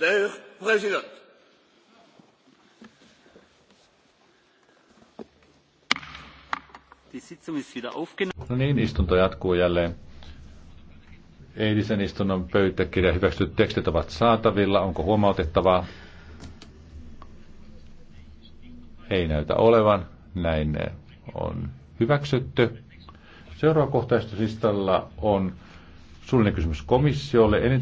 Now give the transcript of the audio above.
der No niin, istunto jatkuu jälleen. Eilisen istunnon pöytäkirja hyväksytyt tekstit ovat saatavilla. Onko huomautettavaa? Ei näytä olevan. Näin ne on hyväksytty. Seuraava kohtaistosistalla on suullinen kysymys komissiolle.